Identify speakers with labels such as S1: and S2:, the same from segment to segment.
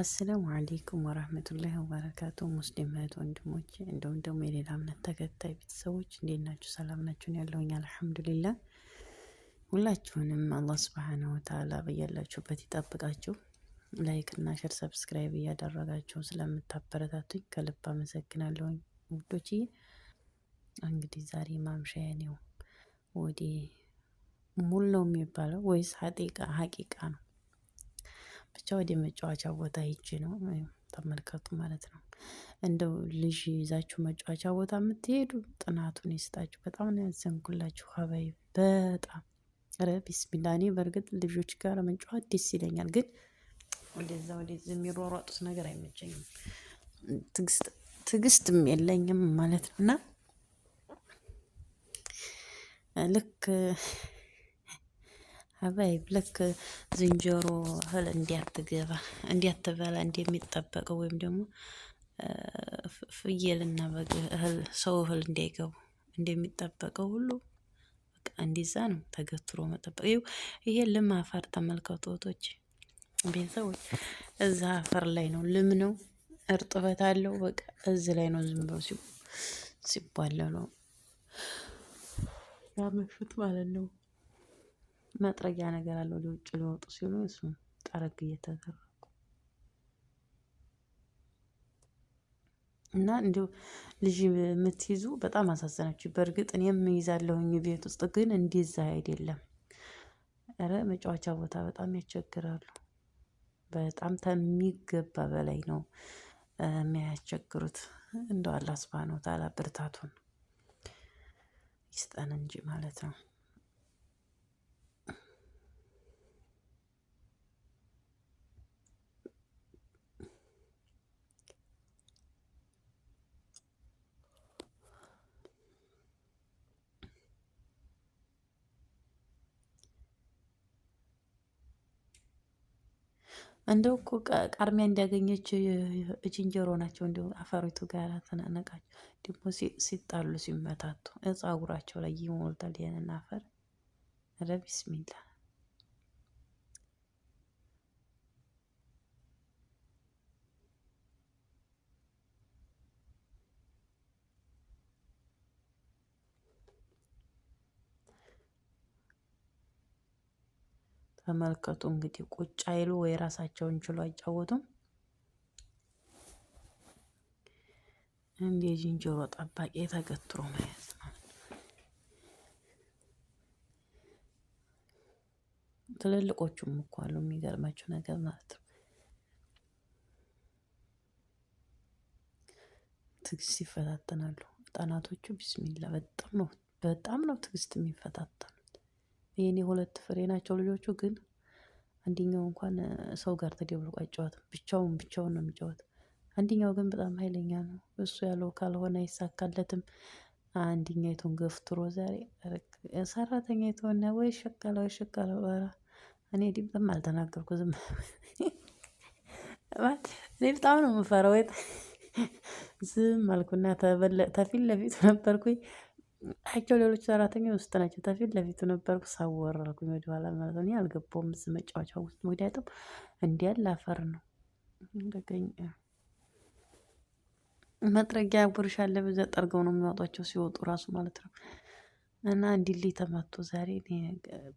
S1: አሰላሙ አሌይኩም ወራህመቱላሂ ወበረካቱ። ሙስሊም እህት ወንድሞች፣ እንዲሁም ደግሞ የሌላ እምነት ተከታይ ቤተሰቦች እንዴት ናችሁ? ሰላም ናችሁን? ያለውኝ አልሐምዱሊላ። ሁላችሁንም አላህ ስብሓነ ወተዓላ በያላችሁበት ይጠብቃችሁ። ላይክ እና ሸር፣ ሰብስክራይብ እያደረጋችሁ ስለምታበረታቱኝ ከልብ አመሰግናለሁኝ ውዶችዬ። እንግዲህ ዛሬ ማምሻዬ ነው ወደ ሙሉ ነው የሚባለው ወይስ ሀቂቃ ነው ብቻ ወደ መጫወቻ ቦታ ሄጄ ነው ተመልከቱ ማለት ነው። እንደው ልጅ ይዛችሁ መጫወቻ ቦታ የምትሄዱ ጥናቱን ይስጣችሁ። በጣም ነው ያዘንኩላችሁ ሀባይ በጣም ረ ቢስሚላ። እኔ በእርግጥ ልጆች ጋር መጫወት ደስ ይለኛል፣ ግን ወደዛ ወደዚ የሚሯሯጡት ነገር አይመቸኝም። ትዕግስትም የለኝም ማለት ነው እና ልክ አባይ ልክ ዝንጀሮ እህል እንዲያትገባ እንዲያትበላ እንደሚጠበቀው ወይም ደግሞ ፍየልና በግ እህል ሰው እህል እንዳይገቡ እንደሚጠበቀው ሁሉ እንዲዛ ነው ተገትሮ መጠበቅ። ይሄ ልም አፈር ተመልከቱ ወቶች ቤተሰቦች፣ እዛ አፈር ላይ ነው ልም ነው እርጥበት አለው። በቃ እዚህ ላይ ነው ዝም ብሎ ነው ያመሹት ማለት ነው። መጥረጊያ ነገር አለ። ወደ ውጭ ሊወጡ ሲሉ እሱ ጠረግ እየተደረጉ እና እንዲሁ ልጅ የምትይዙ በጣም አሳዘናችሁ። በእርግጥ እኔም ይዛለሁኝ ቤት ውስጥ ግን እንዲዛ አይደለም። ኧረ መጫወቻ ቦታ በጣም ያቸግራሉ። በጣም ከሚገባ በላይ ነው የሚያስቸግሩት። እንደው አላህ ሱብሃነሁ ወተዓላ ብርታቱን ይስጠን እንጂ ማለት ነው። እንደው እኮ ቃርሚያ እንዲያገኘች እጅንጀሮ ናቸው። እንዲሁ አፈሪቱ ጋር ተናነቃቸው ደግሞ ሲጣሉ ሲመታቱ ጸጉራቸው ላይ ይሞልታል። ይህንን አፈር ረ ተመልከቱ እንግዲህ ቁጭ አይሉ ወይ ራሳቸውን ችሎ አይጫወቱም። እንዴ ዝንጀሮ ጠባቂ ተገትሮ መያዝ ማለት ትልልቆቹም እኮ አሉ የሚገርማቸው ነገር ማለት ነው። ትግስት ይፈታተናሉ ህጣናቶቹ ቢስሚላ በጣም ነው በጣም ነው ትግስት የሚፈታተኑ የእኔ ሁለት ፍሬ ናቸው ልጆቹ። ግን አንደኛው እንኳን ሰው ጋር ተደብሎ አይጫወትም፣ ብቻውን ብቻውን ነው የሚጫወት። አንደኛው ግን በጣም ኃይለኛ ነው። እሱ ያለው ካልሆነ አይሳካለትም። አንድኛይቱን ገፍትሮ ዛሬ ሰራተኛ የተሆነ ወይ ሸቀለ ወይ ሸቀለ። እኔ ድምፅም አልተናገርኩ ዝም እኔ በጣም ነው የምፈራው። ዝም አልኩና ተፊት ለፊት ነበርኩኝ። አቸው ሌሎች ሰራተኛ ውስጥ ናቸው። ተፊት ለፊቱ ነበርኩ ሳወረርኩኝ ወደኋላ ማለት ነው። አልገባውም እዚህ መጫወቻ ውስጥ ምክንያቱም እንዲያል አፈር ነው። እንደገኝ መጥረጊያ ቡርሻ አለ። በዚያ ጠርገው ነው የሚያወጧቸው ሲወጡ ራሱ ማለት ነው። እና እንዲል ተመቶ ዛሬ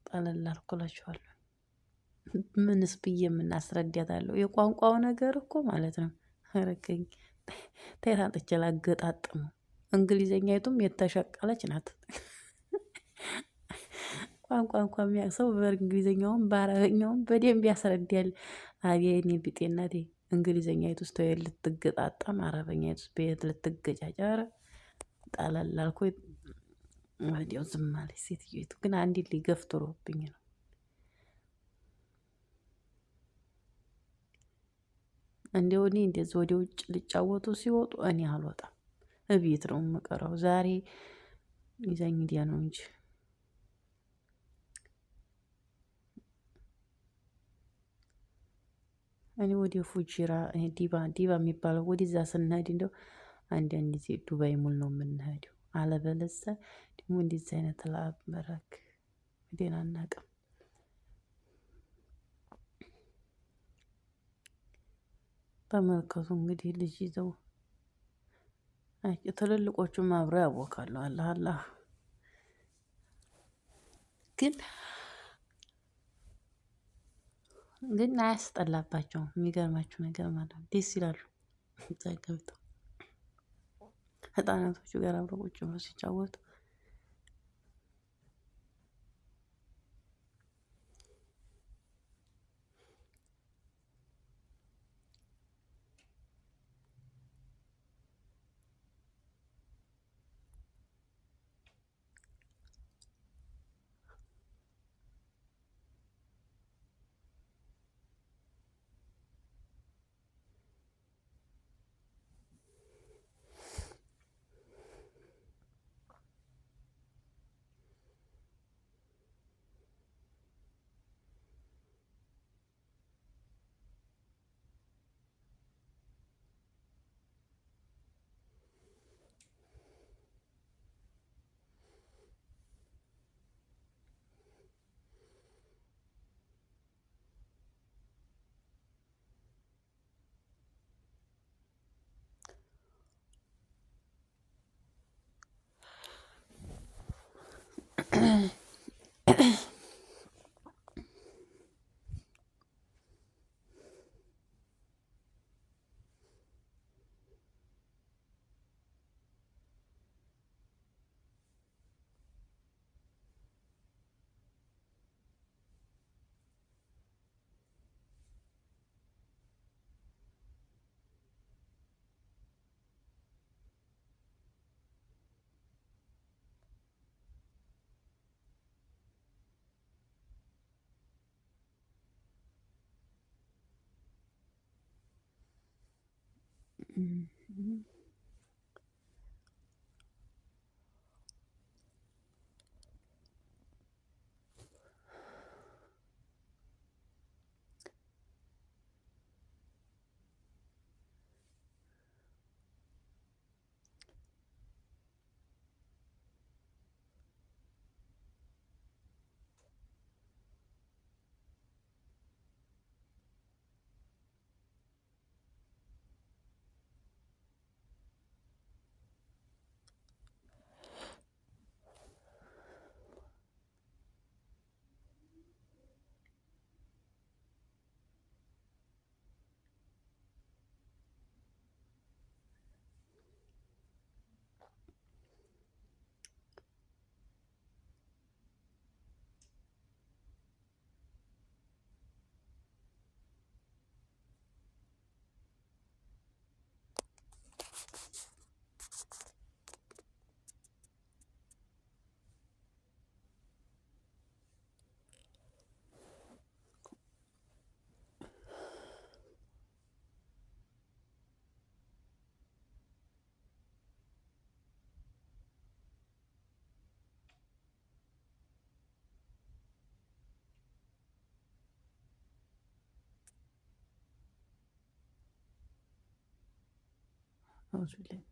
S1: ጠለል አልኩላችኋለሁ። ምንስ ብዬ የምናስረዳታለሁ? የቋንቋው ነገር እኮ ማለት ነው። ረገኝ ተራጥችላ አገጣጥሙ እንግሊዘኛይቱም የተሸቀለች ናት። ቋንቋ እንኳ ሰው በእንግሊዘኛውም በአረበኛውም በደንብ ያስረዳል። አብየኔ ቢጤናቴ እንግሊዘኛይቱ ውስጥ ወይ ልትገጣጣም አረበኛይቱ ውስጥ በየት ልትገጫጫረ ጣላላልኮ ወዲያው ዝም አለች ሴትዮቱ። ግን አንድ ሊገፍትሮብኝ ነው እንዲሁ እኔ እንደዚህ ወደ ውጭ ሊጫወቱ ሲወጡ እኔ አልወጣም። እቤት ነው የምቀረው ዛሬ ይዛኝ ሂዳ ነው እንጂ እኔ ወደ ፉጅራ ዲባ ዲባ የሚባለው ወደዛ ስንሄድ እንደው አንዳንድ ጊዜ ዱባይ ሙል ነው የምንሄደው። አለበለዛ ደግሞ እንደዚህ አይነት ላብ መረክ ወዴን አናቅም። ተመልከቱ እንግዲህ ልጅ ይዘው ትልልቆቹም አብረው ያወካሉ። አላህ አላህ ግን ግን አያስጠላባቸውም። የሚገርማችሁ ነገር ማለት ደስ ይላሉ። ገብተው ህጣናቶቹ ጋር አብረው ቁጭ ብለው ሲጫወቱ Mm -hmm. Özür dilerim.